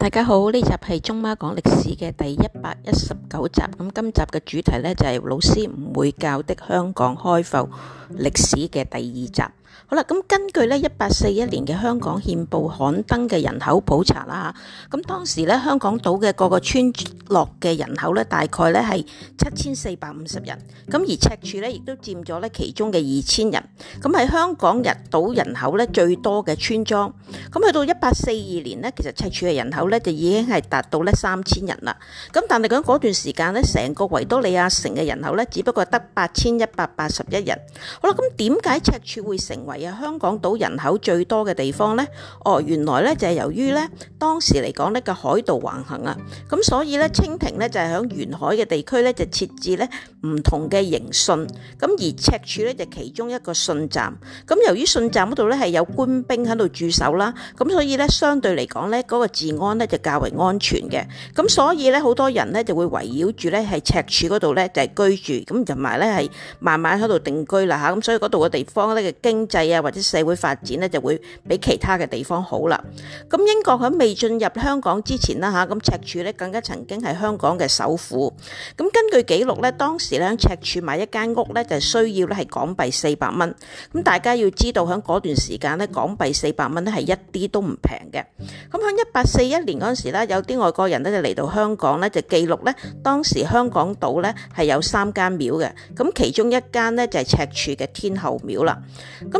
大家好，呢集係中媽講歷史嘅第一百一十九集。咁今集嘅主題呢，就係老師唔會教的香港開埠歷史嘅第二集。好啦，咁根據咧一八四一年嘅香港憲報刊登嘅人口普查啦吓，咁當時咧香港島嘅各個村落嘅人口咧，大概咧係七千四百五十人，咁而赤柱咧亦都佔咗咧其中嘅二千人，咁喺香港日島人口咧最多嘅村莊。咁去到一八四二年咧，其實赤柱嘅人口咧就已經係達到咧三千人啦。咁但係咁嗰段時間咧，成個維多利亞城嘅人口咧，只不過得八千一百八十一人。好啦，咁點解赤柱會成？為啊香港島人口最多嘅地方咧，哦，原來咧就係由於咧當時嚟講呢嘅海盜橫行啊，咁所以咧清廷咧就係響沿海嘅地區咧就設置咧唔同嘅營汛。咁而赤柱咧就其中一個汛站，咁由於汛站嗰度咧係有官兵喺度駐守啦，咁所以咧相對嚟講咧嗰個治安咧就較為安全嘅，咁所以咧好多人咧就會圍繞住咧係赤柱嗰度咧就係居住，咁同埋咧係慢慢喺度定居啦吓，咁所以嗰度嘅地方咧嘅經制啊或者社會發展咧就會比其他嘅地方好啦。咁英國喺未進入香港之前啦嚇，咁赤柱咧更加曾經係香港嘅首府。咁根據記錄咧，當時咧喺赤柱買一間屋咧就需要咧係港幣四百蚊。咁大家要知道喺嗰段時間咧，港幣四百蚊咧係一啲都唔平嘅。咁喺一八四一年嗰陣時咧，有啲外國人咧就嚟到香港咧就記錄咧，當時香港島咧係有三間廟嘅。咁其中一間咧就係赤柱嘅天后廟啦。咁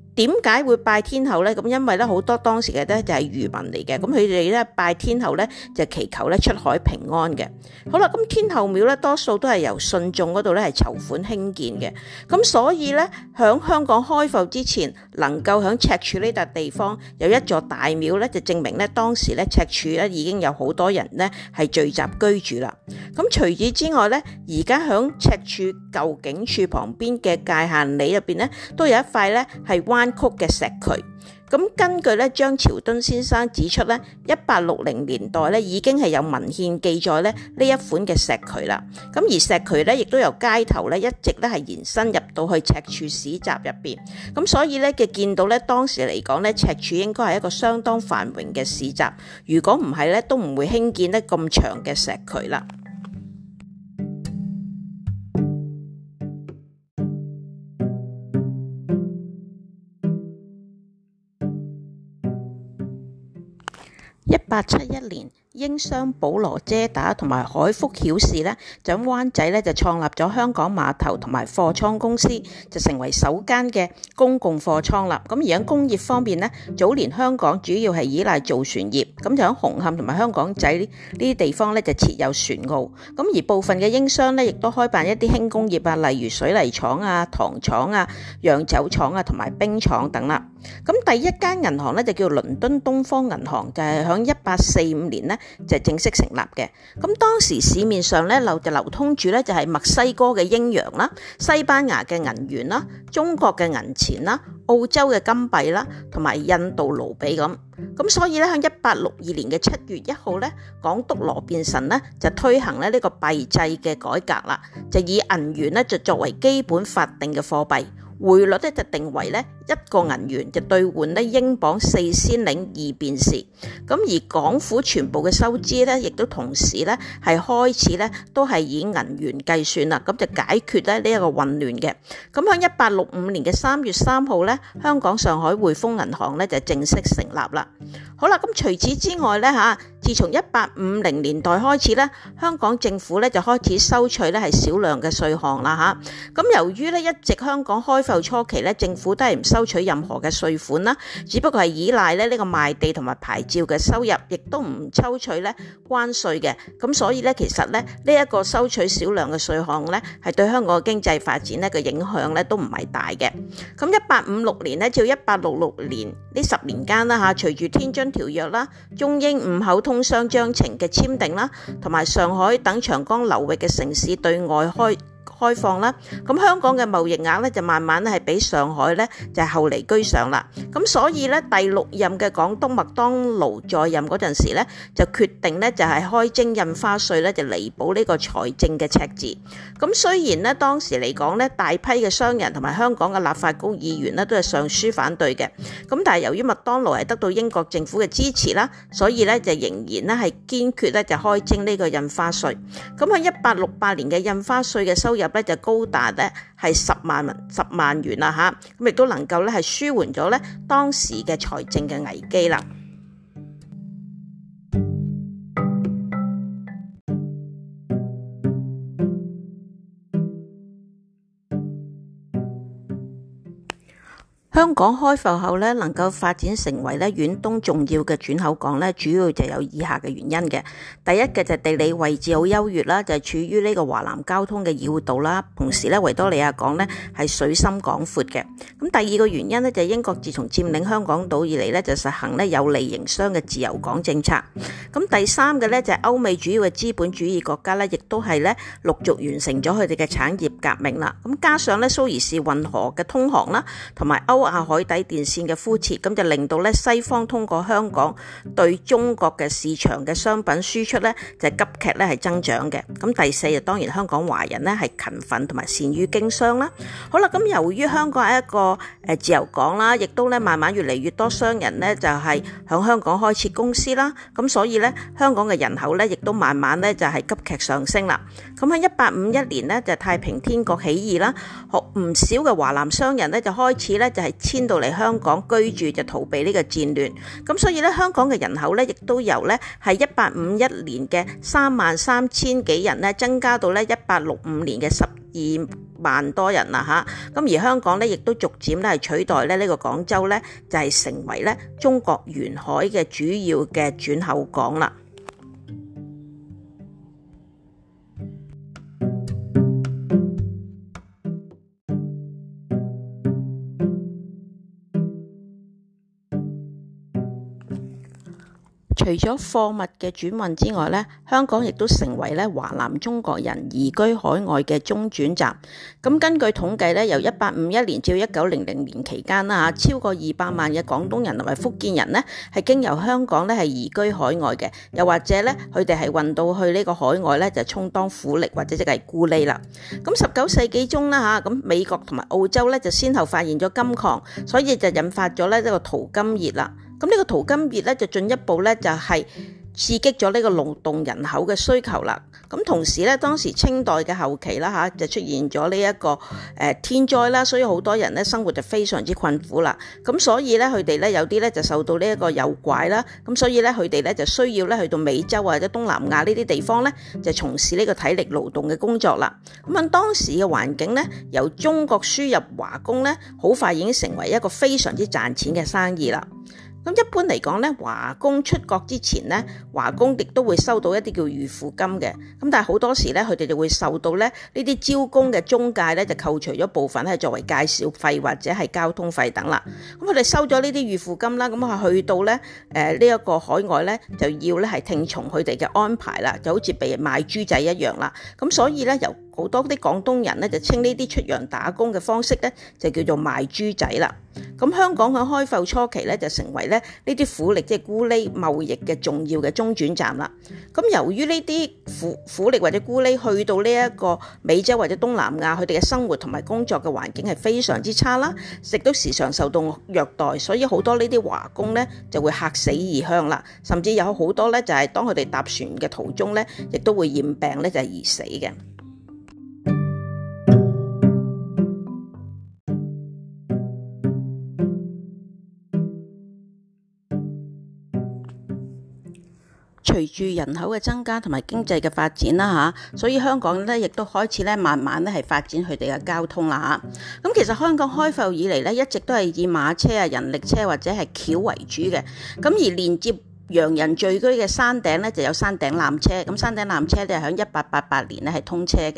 點解會拜天后呢？咁因為咧好多當時嘅咧就係漁民嚟嘅，咁佢哋咧拜天后咧就祈求咧出海平安嘅。好啦，咁天后廟咧多數都係由信眾嗰度咧係籌款興建嘅，咁所以咧喺香港開埠之前，能夠喺赤柱呢笪地方有一座大廟咧，就證明咧當時咧赤柱咧已經有好多人咧係聚集居住啦。咁除此之外咧，而家喺赤柱舊警署旁邊嘅界限裏入邊咧，都有一塊咧係曲嘅石渠，咁根據咧張朝敦先生指出咧，一八六零年代咧已經係有文獻記載咧呢一款嘅石渠啦。咁而石渠咧亦都由街頭咧一直咧係延伸入到去赤柱市集入邊，咁所以咧嘅見到咧當時嚟講咧赤柱應該係一個相當繁榮嘅市集，如果唔係咧都唔會興建得咁長嘅石渠啦。八七一年。英商保羅遮打同埋海福曉氏呢，響灣仔呢就創立咗香港碼頭同埋貨倉公司，就成為首間嘅公共貨倉啦。咁而響工業方面呢，早年香港主要係依賴造船業，咁就響紅磡同埋香港仔呢啲地方呢，就設有船澳。咁而部分嘅英商呢，亦都開辦一啲輕工業啊，例如水泥廠啊、糖廠啊、釀酒廠啊同埋冰廠等啦。咁第一間銀行呢，就叫倫敦東方銀行，就係響一八四五年呢。就正式成立嘅，咁當時市面上咧流就流通住咧就係墨西哥嘅鈉洋啦、西班牙嘅銀元啦、中國嘅銀錢啦、澳洲嘅金幣啦，同埋印度盧比咁。咁所以咧喺一八六二年嘅七月一號咧，港督羅便臣咧就推行咧呢個幣制嘅改革啦，就以銀元咧就作為基本法定嘅貨幣，匯率咧就定為咧。一個銀元就兌換咧英鎊四先令二便士，咁而港府全部嘅收支咧，亦都同時咧係開始咧都係以銀元計算啦，咁就解決咧呢一個混亂嘅。咁喺一八六五年嘅三月三號咧，香港上海匯豐銀行咧就正式成立啦。好啦，咁除此之外咧吓，自從一八五零年代開始咧，香港政府咧就開始收取咧係少量嘅稅項啦吓。咁由於咧一直香港開埠初期咧，政府都係唔收。收取任何嘅稅款啦，只不過係依賴咧呢個賣地同埋牌照嘅收入，亦都唔抽取咧關稅嘅。咁所以咧，其實咧呢一個收取少量嘅稅項咧，係對香港嘅經濟發展呢個影響咧都唔係大嘅。咁一八五六年呢，至一八六六年呢十年間啦，吓隨住天津條約啦、中英五口通商章程嘅簽訂啦，同埋上海等長江流域嘅城市對外開開放啦，咁香港嘅貿易額咧就慢慢咧係畀上海咧就係後嚟居上啦。咁所以咧第六任嘅港督麥當奴在任嗰陣時咧，就決定咧就係開徵印花稅咧，就彌補呢個財政嘅赤字。咁雖然咧當時嚟講咧大批嘅商人同埋香港嘅立法局議員咧都係上書反對嘅，咁但係由於麥當奴係得到英國政府嘅支持啦，所以咧就仍然咧係堅決咧就開徵呢個印花稅。咁喺一八六八年嘅印花稅嘅收入收入咧就高達咧係十萬蚊，十萬元啦吓，咁亦都能夠咧係舒緩咗咧當時嘅財政嘅危機啦。香港開埠後咧，能夠發展成為咧遠東重要嘅轉口港咧，主要就有以下嘅原因嘅。第一嘅就係地理位置好優越啦，就係處於呢個華南交通嘅要道啦。同時咧，維多利亞港咧係水深廣闊嘅。咁第二個原因咧就係英國自從佔領香港島以嚟咧就實行咧有利營商嘅自由港政策。咁第三嘅咧就係歐美主要嘅資本主義國家咧，亦都係咧陸續完成咗佢哋嘅產業革命啦。咁加上咧蘇伊士運河嘅通航啦，同埋歐海底電線嘅敷設，咁就令到咧西方通過香港對中國嘅市場嘅商品輸出咧，就急劇咧係增長嘅。咁第四啊，當然香港華人咧係勤奮同埋善於經商啦。好啦，咁由於香港係一個誒自由港啦，亦都咧慢慢越嚟越多商人咧就係喺香港開設公司啦。咁所以咧，香港嘅人口咧亦都慢慢咧就係急劇上升啦。咁喺一八五一年呢，就太平天國起義啦，好唔少嘅華南商人咧就開始咧就係。遷到嚟香港居住，就逃避呢個戰亂，咁所以咧香港嘅人口咧亦都由咧係一八五一年嘅三萬三千幾人咧增加到咧一八六五年嘅十二萬多人啦吓，咁、啊、而香港咧亦都逐漸咧係取代咧呢、這個廣州咧就係、是、成為咧中國沿海嘅主要嘅轉口港啦。除咗貨物嘅轉運之外咧，香港亦都成為咧華南中國人移居海外嘅中轉站。咁根據統計咧，由一八五一年至一九零零年期間啦嚇，超過二百萬嘅廣東人同埋福建人呢係經由香港咧係移居海外嘅。又或者咧，佢哋係運到去呢個海外咧，就充當苦力或者即係咕喱啦。咁十九世紀中啦嚇，咁美國同埋澳洲咧就先後發現咗金礦，所以就引發咗咧呢個淘金熱啦。咁呢個淘金熱咧，就進一步咧就係刺激咗呢個勞動人口嘅需求啦。咁同時咧，當時清代嘅後期啦嚇，就出現咗呢一個、呃、天災啦，所以好多人咧生活就非常之困苦啦。咁所以咧，佢哋咧有啲咧就受到呢一個誘拐啦，咁所以咧佢哋咧就需要咧去到美洲或者東南亞呢啲地方咧，就從事呢個體力勞動嘅工作啦。咁喺當時嘅環境咧，由中國輸入華工咧，好快已經成為一個非常之賺錢嘅生意啦。咁一般嚟講咧，華工出國之前咧，華工亦都會收到一啲叫預付金嘅。咁但係好多時咧，佢哋就會受到咧呢啲招工嘅中介咧，就扣除咗部分係作為介紹費或者係交通費等啦。咁佢哋收咗呢啲預付金啦，咁去到咧誒呢一個海外咧，就要咧係聽從佢哋嘅安排啦，就好似被賣豬仔一樣啦。咁所以咧由好多啲廣東人咧就稱呢啲出洋打工嘅方式咧就叫做賣豬仔啦。咁香港喺開埠初期咧就成為咧呢啲苦力即係、就是、咕哩貿易嘅重要嘅中轉站啦。咁由於呢啲苦苦力或者咕哩去到呢一個美洲或者東南亞，佢哋嘅生活同埋工作嘅環境係非常之差啦，食都時常受到虐待，所以好多呢啲華工咧就會客死異鄉啦。甚至有好多咧就係當佢哋搭船嘅途中咧，亦都會染病咧就係而死嘅。隨住人口嘅增加同埋經濟嘅發展啦嚇，所以香港咧亦都開始咧慢慢咧係發展佢哋嘅交通啦嚇。咁其實香港開埠以嚟咧一直都係以馬車啊、人力車或者係轎為主嘅。咁而連接洋人聚居嘅山頂咧，就有山頂纜車。咁山頂纜車咧，喺一八八八年呢，係通車嘅。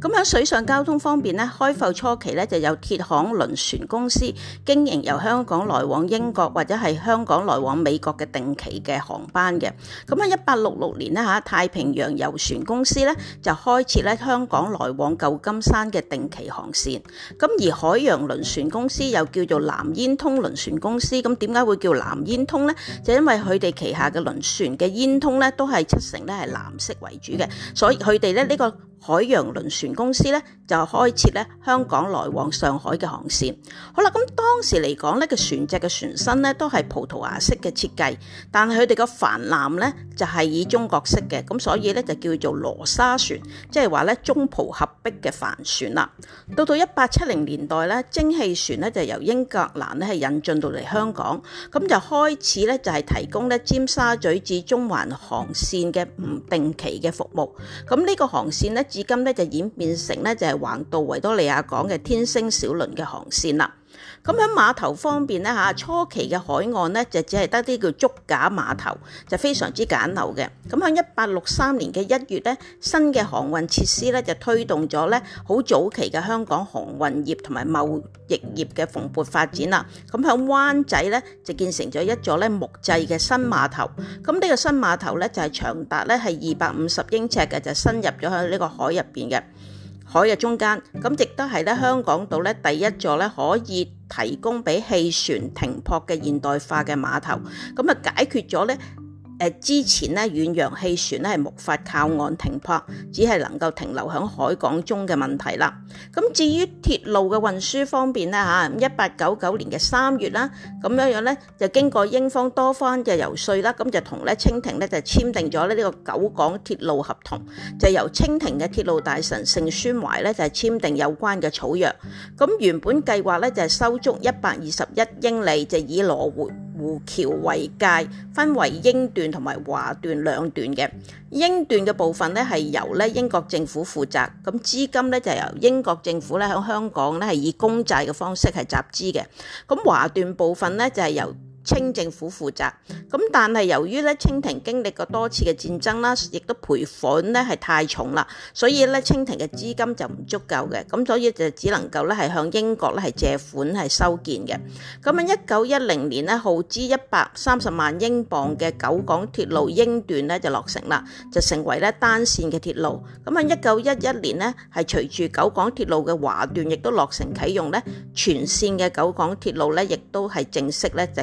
咁喺水上交通方面呢，開埠初期咧就有鐵行輪船公司經營由香港來往英國或者係香港來往美國嘅定期嘅航班嘅。咁喺一八六六年呢，嚇，太平洋郵船公司咧就開設咧香港來往舊金山嘅定期航線。咁而海洋輪船公司又叫做藍煙通輪船公司。咁點解會叫藍煙通呢？就因為佢哋其旗下嘅輪船嘅煙囪咧，都係七成咧係藍色為主嘅，所以佢哋咧呢，呢個。海洋輪船公司咧就開設咧香港來往上海嘅航線，好啦，咁當時嚟講，呢個船隻嘅船身咧都係葡萄牙式嘅設計，但係佢哋嘅帆纜咧就係以中國式嘅，咁所以咧就叫做羅沙船，即係話咧中葡合璧嘅帆船啦。到到一八七零年代咧，蒸汽船咧就由英格蘭咧係引進到嚟香港，咁就開始咧就係提供咧尖沙咀至中環航線嘅唔定期嘅服務，咁呢個航線咧。至今呢，就演變成呢，就係橫渡維多利亞港嘅天星小輪嘅航線啦。咁喺碼頭方面，咧，吓初期嘅海岸咧就只係得啲叫竹架碼頭，就非常之簡陋嘅。咁喺一八六三年嘅一月咧，新嘅航運設施咧就推動咗咧好早期嘅香港航運業同埋貿易業嘅蓬勃發展啦。咁喺灣仔咧就建成咗一座咧木製嘅新碼頭。咁呢個新碼頭咧就係長達咧係二百五十英尺嘅，就伸入咗喺呢個海入邊嘅。海嘅中間，咁亦都係咧香港島咧第一座咧可以提供俾汽船停泊嘅現代化嘅碼頭，咁啊解決咗咧。之前咧遠洋汽船咧係無法靠岸停泊，只係能夠停留喺海港中嘅問題啦。咁至於鐵路嘅運輸方面咧吓，一八九九年嘅三月啦，咁樣樣咧就經過英方多方嘅游說啦，咁就同咧清廷咧就簽訂咗咧呢個九港鐵路合同，就由清廷嘅鐵路大臣盛宣懷咧就係簽訂有關嘅草約。咁原本計劃咧就係收足一百二十一英里就以攞回。護橋為界，分為英段同埋華段兩段嘅。英段嘅部分咧係由咧英國政府負責，咁資金咧就由英國政府咧響香港咧係以公債嘅方式係集資嘅。咁華段部分咧就係由。清政府負責，咁但係由於咧清廷經歷過多次嘅戰爭啦，亦都賠款咧係太重啦，所以咧清廷嘅資金就唔足夠嘅，咁所以就只能夠咧係向英國咧係借款係修建嘅。咁喺一九一零年咧耗資一百三十萬英鎊嘅九廣鐵路英段咧就落成啦，就成為咧單線嘅鐵路。咁喺一九一一年咧係隨住九廣鐵路嘅華段亦都落成啟用咧，全線嘅九廣鐵路咧亦都係正式咧就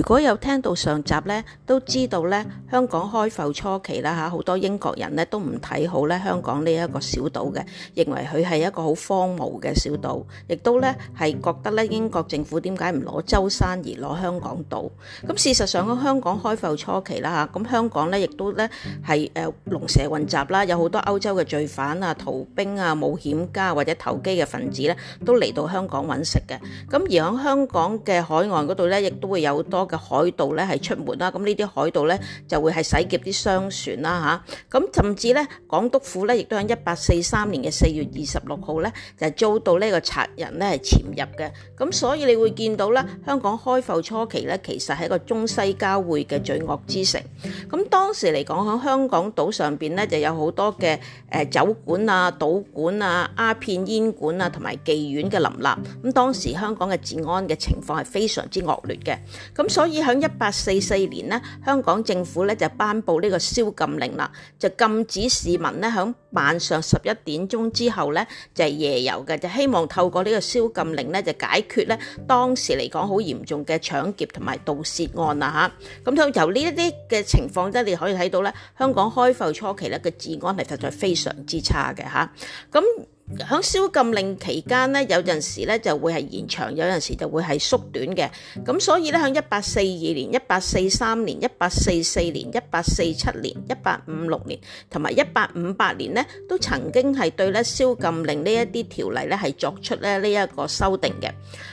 如果有聽到上集呢，都知道呢，香港開埠初期啦嚇，好多英國人呢都唔睇好咧香港呢一個小島嘅，認為佢係一個好荒蕪嘅小島，亦都呢係覺得呢英國政府點解唔攞舟山而攞香港島？咁事實上咧，香港開埠初期啦嚇，咁香港呢亦都呢係誒龍蛇混雜啦，有好多歐洲嘅罪犯啊、逃兵啊、冒險家或者投機嘅分子呢都嚟到香港揾食嘅。咁而響香港嘅海岸嗰度呢，亦都會有多嘅海盜咧係出門啦，咁呢啲海盜咧就會係洗劫啲商船啦嚇，咁甚至咧港督府咧亦都喺一八四三年嘅四月二十六號咧就係遭到呢個賊人咧係潛入嘅，咁所以你會見到咧香港開埠初期咧其實係一個中西交匯嘅罪惡之城，咁當時嚟講喺香港島上邊咧就有好多嘅誒酒館啊、賭館啊、鴉片煙館啊同埋妓院嘅林立，咁當時香港嘅治安嘅情況係非常之惡劣嘅，咁所以喺一八四四年咧，香港政府咧就頒布呢個宵禁令啦，就禁止市民咧喺晚上十一點鐘之後咧就係夜遊嘅，就希望透過呢個宵禁令咧就解決咧當時嚟講好嚴重嘅搶劫同埋盜竊案啦吓。咁、嗯、就由呢一啲嘅情況咧，你可以睇到咧，香港開埠初期咧嘅治安係實在非常之差嘅吓。咁、嗯喺宵禁令期間咧，有陣時咧就會係延長，有陣時就會係縮短嘅。咁所以咧，喺一八四二年、一八四三年、一八四四年、一八四七年、一八五六年同埋一八五八年咧，都曾經係對咧宵禁令呢一啲條例咧係作出咧呢一個修訂嘅。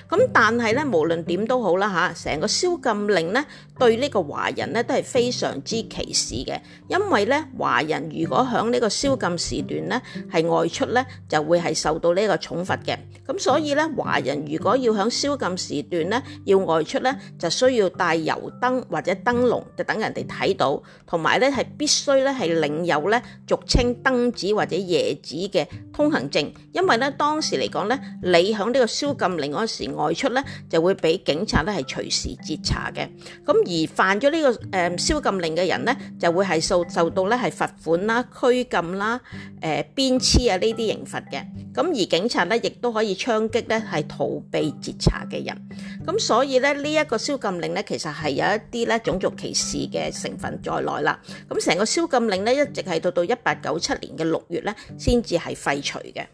咁但係咧，無論點都好啦吓，成個宵禁令咧對呢個華人咧都係非常之歧視嘅，因為咧華人如果喺呢個宵禁時段咧係外出咧就會係受到呢個重罰嘅，咁所以咧，華人如果要響宵禁時段咧，要外出咧，就需要帶油燈或者燈籠，就等人哋睇到，同埋咧係必須咧係領有咧俗稱燈紙或者夜紙嘅通行證，因為咧當時嚟講咧，你響呢個宵禁令嗰陣時候外出咧，就會俾警察咧係隨時截查嘅，咁而犯咗呢、這個誒、呃、宵禁令嘅人咧，就會係受受到咧係罰款啦、拘禁啦、誒、呃、鞭笞啊，呢啲刑罰嘅。咁而警察咧，亦都可以槍擊咧，係逃避截查嘅人。咁所以咧，呢一個宵禁令咧，其實係有一啲咧種族歧視嘅成分在內啦。咁成個宵禁令咧，一直係到到一八九七年嘅六月咧，先至係廢除嘅。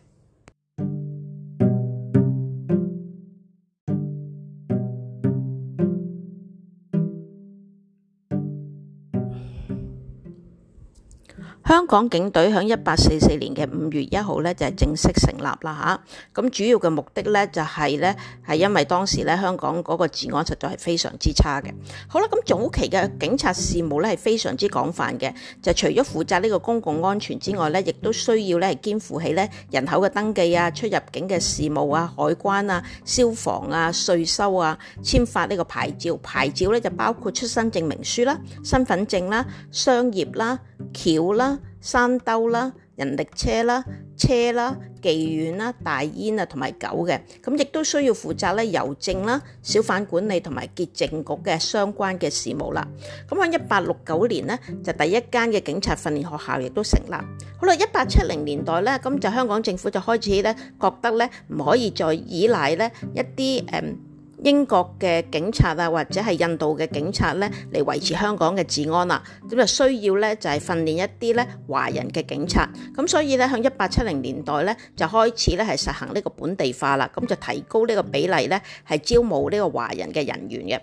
香港警隊響一八四四年嘅五月一號咧就係、是、正式成立啦吓，咁、啊、主要嘅目的咧就係咧係因為當時咧香港嗰個治安實在係非常之差嘅。好啦，咁早期嘅警察事務咧係非常之廣泛嘅，就除咗負責呢個公共安全之外咧，亦都需要咧係肩負起咧人口嘅登記啊、出入境嘅事務啊、海關啊、消防啊、稅收啊、簽發呢個牌照。牌照咧就包括出生證明書啦、身份證啦、商業啦、橋啦。山兜啦、人力車啦、車啦、妓院啦、大煙啊，同埋狗嘅，咁亦都需要負責咧郵政啦、小販管理同埋潔淨局嘅相關嘅事務啦。咁喺一八六九年咧，就第一間嘅警察訓練學校亦都成立。好啦，一八七零年代咧，咁就香港政府就開始咧覺得咧唔可以再依賴咧一啲誒。英國嘅警察啊，或者係印度嘅警察咧，嚟維持香港嘅治安啦，咁就需要咧就係訓練一啲咧華人嘅警察，咁所以咧喺一八七零年代咧就開始咧係實行呢個本地化啦，咁就提高呢個比例咧係招募呢個華人嘅人員嘅。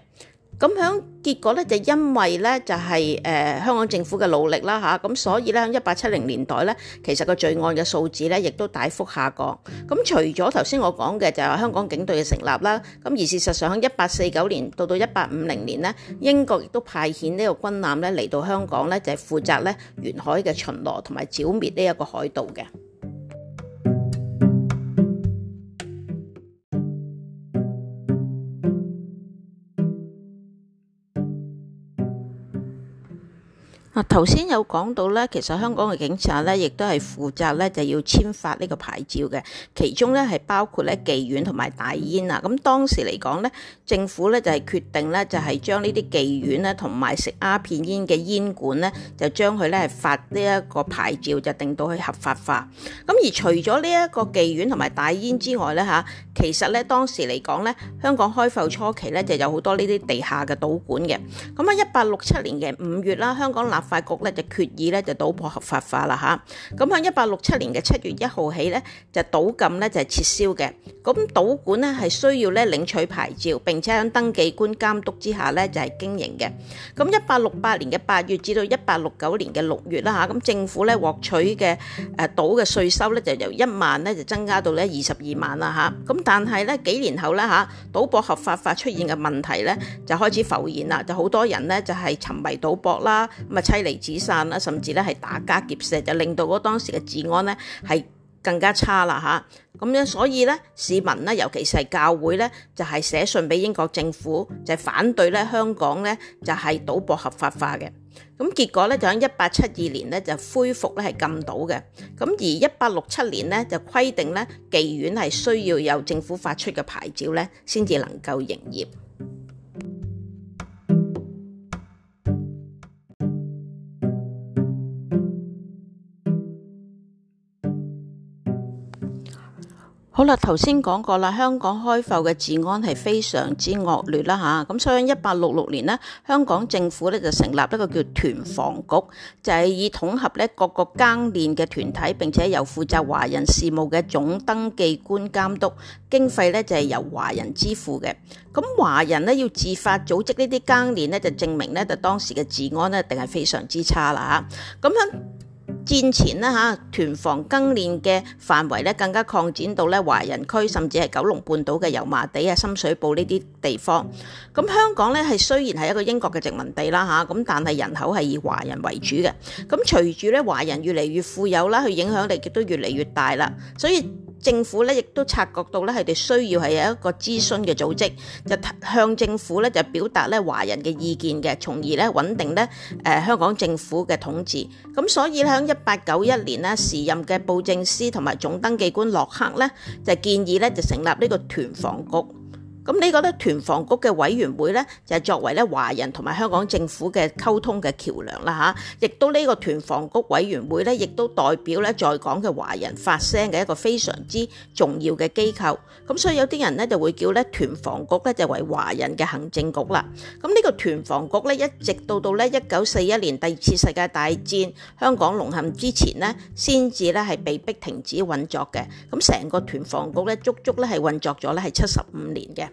咁響結果咧，就因為咧，就係誒香港政府嘅努力啦嚇，咁所以咧喺一八七零年代咧，其實個罪案嘅數字咧，亦都大幅下降。咁除咗頭先我講嘅就係香港警隊嘅成立啦，咁而事實上喺一八四九年到到一八五零年咧，英國亦都派遣呢個軍艦咧嚟到香港咧，就係負責咧沿海嘅巡邏同埋剿滅呢一個海盜嘅。頭先有講到咧，其實香港嘅警察咧，亦都係負責咧，就要簽發呢個牌照嘅。其中咧係包括咧妓院同埋大煙啊。咁當時嚟講咧，政府咧就係決定咧，就係將呢啲妓院咧同埋食鴉片煙嘅煙館咧，就將佢咧係發呢一個牌照，就定到佢合法化。咁而除咗呢一個妓院同埋大煙之外咧，嚇，其實咧當時嚟講咧，香港開埠初期咧就有好多呢啲地下嘅賭館嘅。咁喺一八六七年嘅五月啦，香港立法法局咧就決議咧就賭博合法化啦吓，咁喺一八六七年嘅七月一號起咧就賭禁咧就係撤銷嘅，咁賭館咧係需要咧領取牌照並且喺登記官監督之下咧就係經營嘅，咁一八六八年嘅八月至到一八六九年嘅六月啦吓，咁政府咧獲取嘅誒賭嘅稅收咧就由一萬咧就增加到咧二十二萬啦吓，咁但係咧幾年後啦吓賭博合法化出現嘅問題咧就開始浮現啦，就好多人咧就係沉迷賭博啦，咁啊。離子散啦，甚至咧係打家劫舍，就令到嗰當時嘅治安咧係更加差啦吓。咁咧，所以咧市民咧，尤其是教會咧，就係寫信俾英國政府，就係反對咧香港咧就係賭博合法化嘅。咁結果咧，就喺一八七二年咧就恢復咧係禁賭嘅。咁而一八六七年咧就規定咧妓院係需要有政府發出嘅牌照咧先至能夠營業。好啦，頭先講過啦，香港開埠嘅治安係非常之惡劣啦吓，咁、啊、所以一八六六年呢，香港政府咧就成立一個叫團防局，就係、是、以統合咧各個更練嘅團體，並且由負責華人事務嘅總登記官監督，經費咧就係、是、由華人支付嘅。咁華人咧要自發組織這些呢啲更練咧，就證明咧就當時嘅治安呢定係非常之差啦。吓，咁、啊、樣。戰前咧吓，團防更練嘅範圍咧更加擴展到咧華人區，甚至係九龍半島嘅油麻地啊、深水埗呢啲地方。咁香港咧係雖然係一個英國嘅殖民地啦吓，咁但係人口係以華人為主嘅。咁隨住咧華人越嚟越富有啦，佢影響力亦都越嚟越大啦，所以。政府咧亦都察覺到咧，佢哋需要係有一個諮詢嘅組織，就向政府咧就表達咧華人嘅意見嘅，從而咧穩定咧誒香港政府嘅統治。咁所以咧喺一八九一年呢時任嘅布政司同埋總登記官洛克咧，就建議咧就成立呢個團防局。咁呢個咧，團防局嘅委員會咧，就係作為咧華人同埋香港政府嘅溝通嘅橋梁啦嚇，亦都呢個團防局委員會咧，亦都代表咧在港嘅華人發聲嘅一個非常之重要嘅機構。咁所以有啲人咧就會叫咧團防局咧就為華人嘅行政局啦。咁呢個團防局咧一直到到咧一九四一年第二次世界大戰香港淪陷之前咧，先至咧係被逼停止運作嘅。咁成個團防局咧足足咧係運作咗咧係七十五年嘅。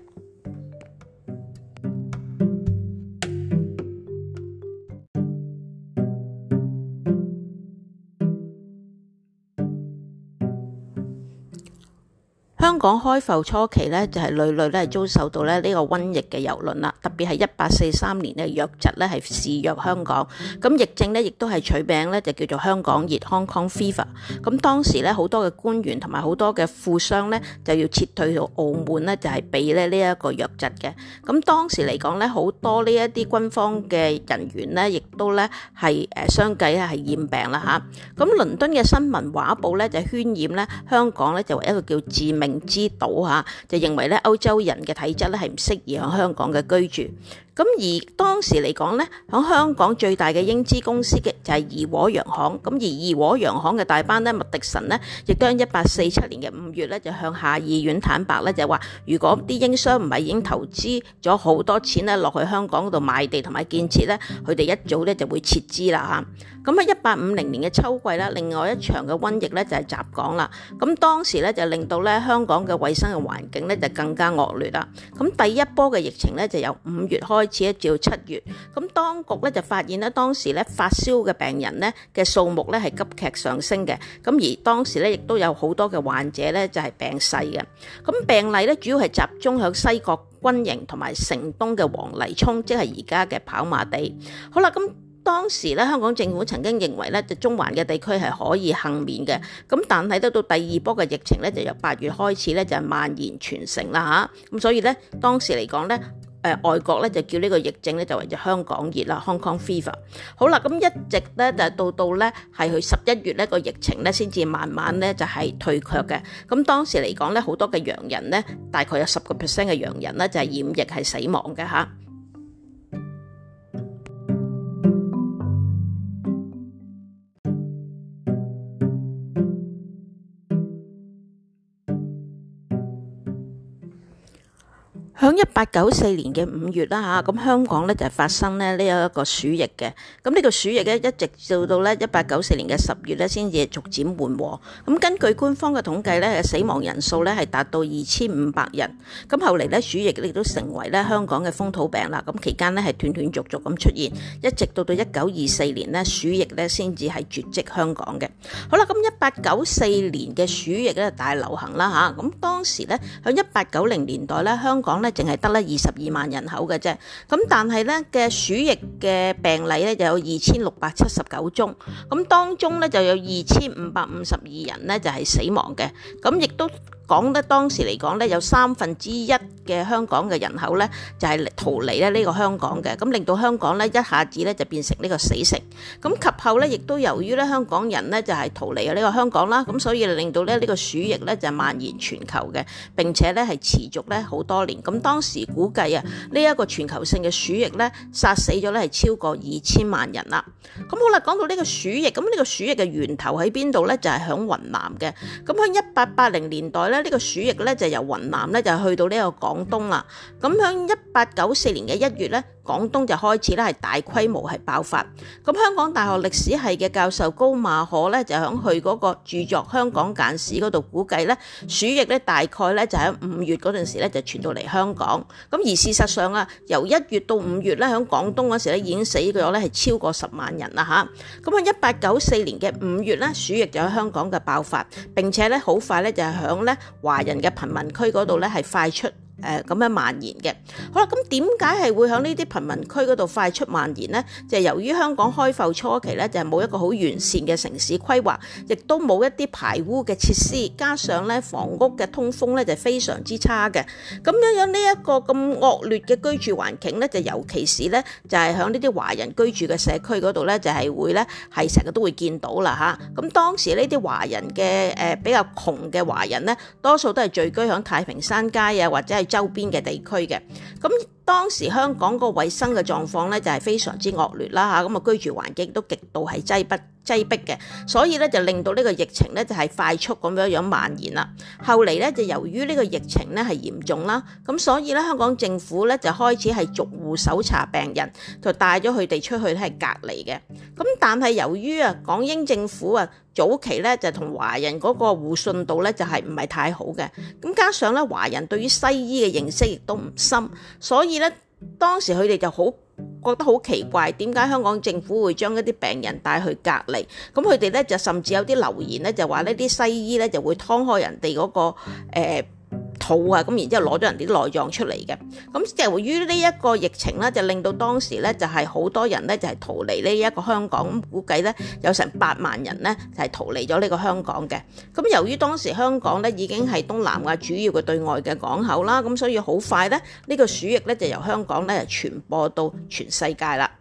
香港開埠初期咧，就係、是、屢屢咧係遭受到咧呢個瘟疫嘅遊輪啦，特別係一八四三年嘅藥呢，瘧疾咧係肆虐香港，咁疫症咧亦都係取名咧就叫做香港熱 （Hong Kong Fever）。咁當時咧好多嘅官員同埋好多嘅富商咧就要撤退到澳門咧，就係避咧呢一個瘧疾嘅。咁當時嚟講咧，好多呢一啲軍方嘅人員咧，亦都咧係誒相繼係染病啦吓，咁倫敦嘅新聞畫報咧就渲染咧香港咧就為一個叫致命。知道吓，就認為咧，歐洲人嘅體質咧係唔適宜響香港嘅居住。咁而當時嚟講呢喺香港最大嘅英資公司嘅就係怡和洋行。咁而怡和洋行嘅大班呢，麥迪臣呢，亦都一八四七年嘅五月咧，就向下議院坦白咧，就係話如果啲英商唔係已經投資咗好多錢咧落去香港嗰度買地同埋建設咧，佢哋一早咧就會撤資啦吓。咁喺一八五零年嘅秋季呢，另外一場嘅瘟疫咧就係襲港啦。咁當時咧就令到咧香港嘅衛生嘅環境咧就更加惡劣啦。咁第一波嘅疫情咧就由五月開始。開始至到七月，咁當局咧就發現咧當時咧發燒嘅病人咧嘅數目咧係急劇上升嘅，咁而當時咧亦都有好多嘅患者咧就係病逝嘅，咁病例咧主要係集中響西角軍營同埋城東嘅黃泥涌，即係而家嘅跑馬地。好啦，咁當時咧香港政府曾經認為咧就中環嘅地區係可以幸免嘅，咁但係得到第二波嘅疫情咧就由八月開始咧就係蔓延全城啦吓，咁所以咧當時嚟講咧。誒外國咧就叫呢個疫症咧就為咗香港熱啦 （Hong Kong Fever）。好啦，咁一直咧就到到咧係佢十一月呢個疫情咧先至慢慢咧就係退卻嘅。咁當時嚟講咧，好多嘅洋人咧大概有十個 percent 嘅洋人咧就係染疫係死亡嘅嚇。響一八九四年嘅五月啦嚇，咁香港咧就發生咧呢一個鼠疫嘅，咁、這、呢個鼠疫咧一直到到咧一八九四年嘅十月咧先至逐漸緩和。咁根據官方嘅統計咧，死亡人數咧係達到二千五百人。咁後嚟咧鼠疫亦都成為咧香港嘅風土病啦。咁期間咧係斷斷續續咁出現，一直到到一九二四年咧鼠疫咧先至係絕跡香港嘅。好啦，咁一八九四年嘅鼠疫咧大流行啦嚇，咁當時咧響一八九零年代咧香港咧。淨係得啦二十二萬人口嘅啫，咁但係咧嘅鼠疫嘅病例咧就有二千六百七十九宗，咁當中咧就有二千五百五十二人咧就係死亡嘅，咁亦都。講得當時嚟講咧，有三分之一嘅香港嘅人口咧就係逃離咧呢個香港嘅，咁令到香港咧一下子咧就變成呢個死城。咁及後咧，亦都由於咧香港人咧就係逃離啊呢個香港啦，咁所以令到咧呢個鼠疫咧就蔓延全球嘅，並且咧係持續咧好多年。咁當時估計啊，呢一個全球性嘅鼠疫咧殺死咗咧係超過二千萬人啦。咁好啦，講到呢個鼠疫，咁呢個鼠疫嘅源頭喺邊度咧？就係響雲南嘅。咁喺一八八零年代咧。呢個鼠疫咧就由雲南咧就去到呢個廣東啦，咁喺一八九四年嘅一月咧。廣東就開始咧係大規模係爆發，咁香港大學歷史系嘅教授高馬可咧就響去嗰個著作《香港簡史》嗰度估計咧，鼠疫咧大概咧就喺五月嗰陣時咧就傳到嚟香港，咁而事實上啊，由一月到五月咧喺廣東嗰時咧已經死咗咧係超過十萬人啦吓，咁啊一八九四年嘅五月咧鼠疫就喺香港嘅爆發，並且咧好快咧就係響咧華人嘅貧民區嗰度咧係快出。誒咁、呃、樣蔓延嘅，好啦，咁點解係會喺呢啲貧民區嗰度快速蔓延呢？就係、是、由於香港開埠初期咧，就係、是、冇一個好完善嘅城市規劃，亦都冇一啲排污嘅設施，加上咧房屋嘅通風咧就是、非常之差嘅。咁樣樣呢一個咁惡劣嘅居住環境咧，就尤其是咧就係喺呢啲華人居住嘅社區嗰度咧，就係、是、會咧係成日都會見到啦吓，咁、啊、當時呢啲華人嘅、呃、比較窮嘅華人咧，多數都係聚居喺太平山街啊，或者係周邊嘅地區嘅，咁當時香港個衛生嘅狀況咧就係非常之惡劣啦吓，咁啊居住環境都極度係擠迫擠迫嘅，所以咧就令到呢個疫情咧就係快速咁樣樣蔓延啦。後嚟咧就由於呢個疫情咧係嚴重啦，咁所以咧香港政府咧就開始係逐戶搜查病人，就帶咗佢哋出去咧係隔離嘅。咁但係由於啊港英政府啊早期咧就同華人嗰個互信度咧就係唔係太好嘅，咁加上咧華人對於西醫嘅認識亦都唔深，所以咧當時佢哋就好覺得好奇怪，點解香港政府會將一啲病人帶去隔離？咁佢哋咧就甚至有啲流言咧就話呢啲西醫咧就會劏開人哋嗰、嗰個、呃好啊！咁然之後攞咗人啲內臟出嚟嘅。咁就由於呢一個疫情咧，就令到當時咧就係好多人咧就係逃離呢一個香港。咁估計咧有成八萬人咧就係逃離咗呢個香港嘅。咁由於當時香港咧已經係東南亞主要嘅對外嘅港口啦，咁所以好快咧呢個鼠疫咧就由香港咧就傳播到全世界啦。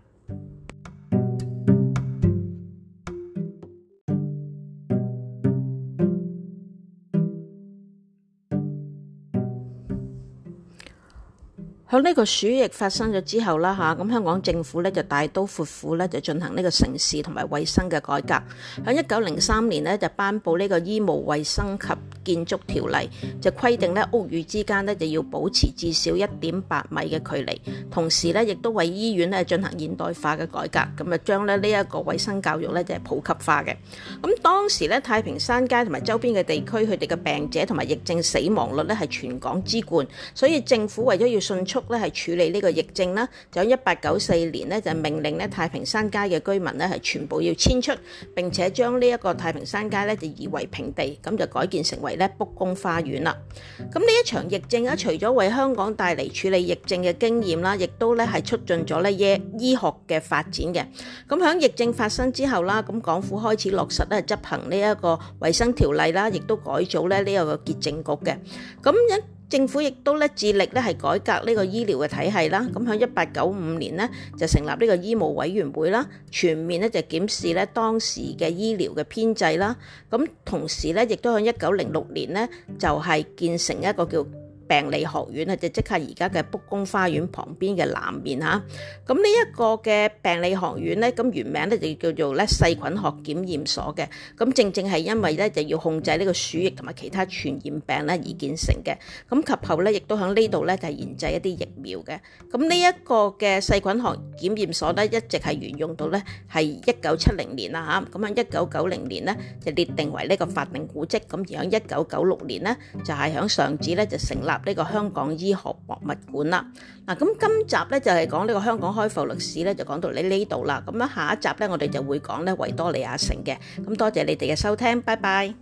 喺呢個鼠疫發生咗之後啦，吓咁香港政府咧就大刀闊斧咧就進行呢個城市同埋衛生嘅改革。喺一九零三年呢，就頒布呢個醫務衛生及建築條例，就規定呢，屋宇之間呢就要保持至少一點八米嘅距離。同時呢，亦都為醫院呢進行現代化嘅改革，咁啊將咧呢一個衛生教育呢就係普及化嘅。咁當時呢，太平山街同埋周邊嘅地區，佢哋嘅病者同埋疫症死亡率呢係全港之冠，所以政府為咗要迅速咧係處理呢個疫症啦，就喺一八九四年呢，就命令咧太平山街嘅居民呢，係全部要遷出，並且將呢一個太平山街咧就夷為平地，咁就改建成為咧卜公花園啦。咁呢一場疫症啊，除咗為香港帶嚟處理疫症嘅經驗啦，亦都咧係促進咗咧醫醫學嘅發展嘅。咁喺疫症發生之後啦，咁港府開始落實咧執行呢一個衛生條例啦，亦都改組咧呢個潔淨局嘅。咁一政府亦都咧致力咧係改革呢個醫療嘅體系啦，咁喺一八九五年咧就成立呢個醫務委員會啦，全面咧就檢視咧當時嘅醫療嘅編制啦，咁同時咧亦都喺一九零六年咧就係建成一個叫病理學院啊，就即刻而家嘅卜公花園旁邊嘅南面吓，咁呢一個嘅病理學院咧，咁原名咧就叫做咧細菌學檢驗所嘅。咁正正係因為咧就要控制呢個鼠疫同埋其他傳染病咧而建成嘅。咁及後咧亦都響呢度咧就係、是、研製一啲疫苗嘅。咁呢一個嘅細菌學檢驗所咧一直係沿用到咧係一九七零年啦吓。咁喺一九九零年咧就列定為呢個法定古蹟。咁而響一九九六年咧就係、是、響上址咧就成立。呢個香港醫學博物館啦，嗱咁今集咧就係講呢個香港開埠歷史咧，就講到你呢度啦。咁樣下一集咧，我哋就會講咧維多利亞城嘅。咁多謝你哋嘅收聽，拜拜。